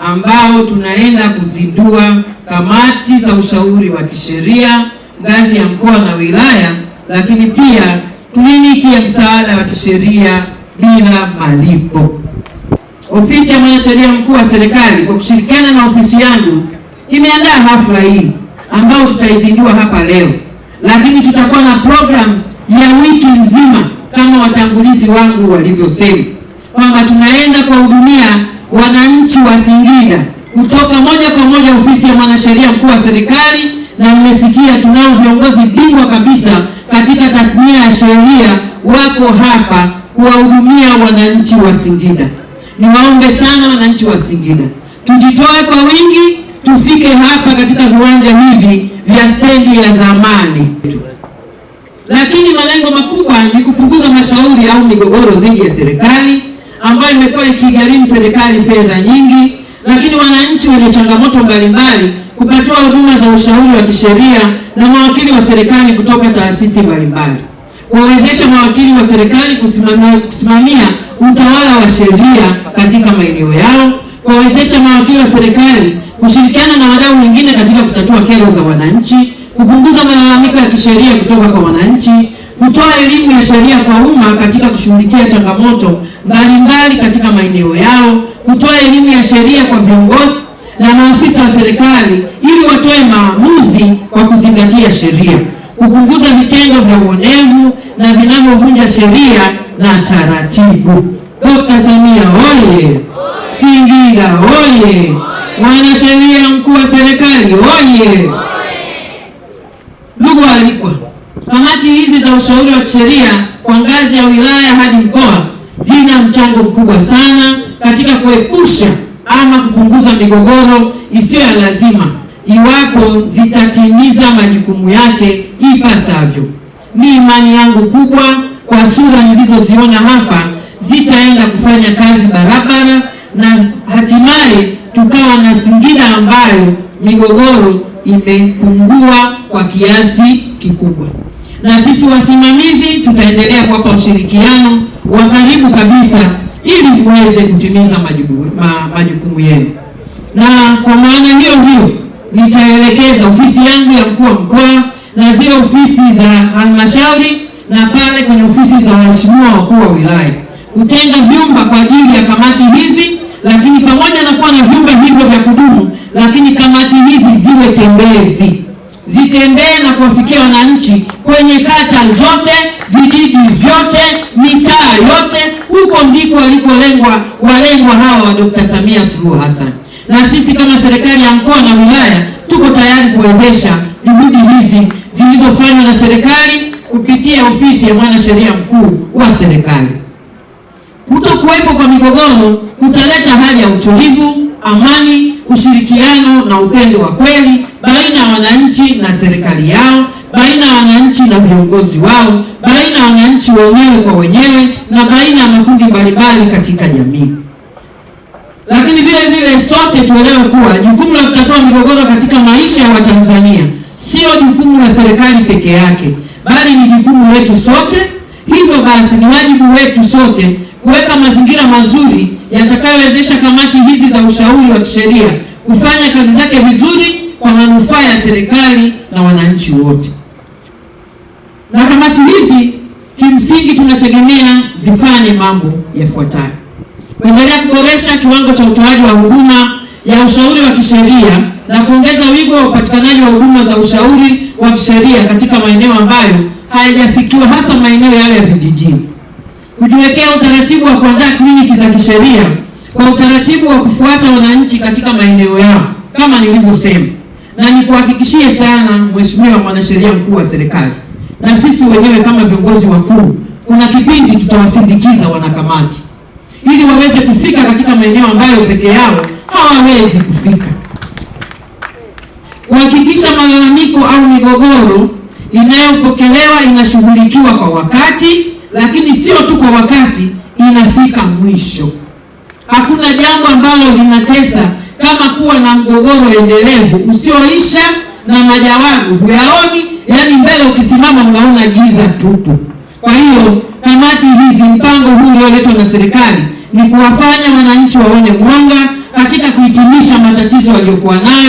ambao tunaenda kuzindua kamati za ushauri wa kisheria ngazi ya mkoa na wilaya, lakini pia kliniki ya msaada wa kisheria bila malipo. Ofisi ya Mwanasheria Mkuu wa Serikali kwa kushirikiana na ofisi yangu imeandaa hafla hii ambayo tutaizindua hapa leo, lakini tutakuwa na programu ya wiki nzima kama watangulizi wangu walivyosema kwamba tunaenda kuwahudumia wananchi wa Singida kutoka moja kwa moja ofisi ya mwanasheria mkuu wa serikali, na mmesikia tunao viongozi bingwa kabisa katika tasnia ya sheria wako hapa kuwahudumia wananchi wa Singida. Niwaombe sana wananchi wa Singida, tujitoe kwa wingi, tufike hapa katika viwanja hivi vya stendi ya zamani. Lakini malengo makubwa ni kupunguza mashauri au migogoro dhidi ya serikali ambayo imekuwa ikigharimu serikali fedha nyingi, lakini wananchi wenye changamoto mbalimbali kupatiwa huduma za ushauri wa kisheria na mawakili wa serikali kutoka taasisi mbalimbali, kuwawezesha mawakili wa serikali kusimamia, kusimamia utawala wa sheria katika maeneo yao, kuwawezesha mawakili wa serikali kushirikiana na wadau wengine katika kutatua kero za wananchi, kupunguza malalamiko ya kisheria kutoka kwa wananchi kutoa elimu ya sheria kwa umma katika kushughulikia changamoto mbalimbali katika maeneo yao, kutoa elimu ya sheria kwa viongozi na maafisa wa serikali ili watoe maamuzi kwa kuzingatia sheria, kupunguza vitendo vya uonevu na vinavyovunja sheria na taratibu. Dkt. Samia oye! Singida oye! Mwanasheria mkuu wa serikali oye! Ndugu waalikwa Kamati hizi za ushauri wa kisheria kwa ngazi ya wilaya hadi mkoa zina mchango mkubwa sana katika kuepusha ama kupunguza migogoro isiyo ya lazima iwapo zitatimiza majukumu yake ipasavyo. Ni imani yangu kubwa kwa sura nilizoziona hapa zitaenda kufanya kazi barabara na hatimaye tukawa na Singida ambayo migogoro imepungua kwa kiasi kikubwa na sisi wasimamizi tutaendelea kuwapa ushirikiano wa karibu kabisa ili muweze kutimiza majukumu yenu, na kwa maana hiyo hiyo nitaelekeza ofisi yangu ya mkuu wa mkoa na zile ofisi za halmashauri na pale kwenye ofisi za waheshimiwa wakuu wa wilaya kutenga vyumba kwa ajili ya kamati hizi, lakini pamoja na kuwa na vyumba hivyo vya kudumu, lakini kamati hizi ziwe tembezi zitembee na kuwafikia wananchi kwenye kata zote, vijiji vyote, mitaa yote. Huko ndiko walikolengwa walengwa hawa wa Dr. Samia Suluhu Hassan, na sisi kama serikali ya mkoa na wilaya tuko tayari kuwezesha juhudi hizi zilizofanywa na serikali kupitia ofisi ya mwanasheria mkuu wa serikali. Kutokuwepo kwa migogoro kutaleta hali ya utulivu, amani, ushirikiano na upendo wa kweli baina wananchi na serikali yao, baina ya wananchi na viongozi wao, baina ya wananchi wenyewe kwa wenyewe, na baina ya makundi mbalimbali katika jamii. Lakini vile vile sote tuelewe kuwa jukumu la kutatua migogoro katika maisha ya Watanzania sio jukumu la serikali peke yake, bali ni jukumu letu sote. Hivyo basi ni wajibu wetu sote kuweka mazingira mazuri yatakayowezesha kamati hizi za ushauri wa kisheria kufanya kazi zake vizuri kwa manufaa ya serikali na wananchi wote. Na kamati hizi kimsingi tunategemea zifanye mambo yafuatayo: kuendelea kuboresha kiwango cha utoaji wa huduma ya ushauri wa kisheria na kuongeza wigo wa upatikanaji wa huduma za ushauri wa kisheria katika maeneo ambayo hayajafikiwa, hasa maeneo yale ya vijijini; kujiwekea utaratibu wa kuandaa kliniki za kisheria kwa utaratibu wa kufuata wananchi katika maeneo yao kama nilivyosema na nikuhakikishie sana Mheshimiwa Mwanasheria Mkuu wa Serikali, na sisi wenyewe kama viongozi wakuu, kuna kipindi tutawasindikiza wanakamati ili waweze kufika katika maeneo ambayo peke yao hawawezi kufika, kuhakikisha malalamiko au migogoro inayopokelewa inashughulikiwa kwa wakati, lakini sio tu kwa wakati, inafika mwisho. Hakuna jambo ambalo linatesa kama kuwa na mgogoro endelevu usioisha na majawabu huyaoni, yani mbele ukisimama unaona giza tupu. Kwa hiyo kamati hizi, mpango huu ulioletwa na serikali ni kuwafanya wananchi waone mwanga katika kuhitimisha matatizo waliokuwa nayo.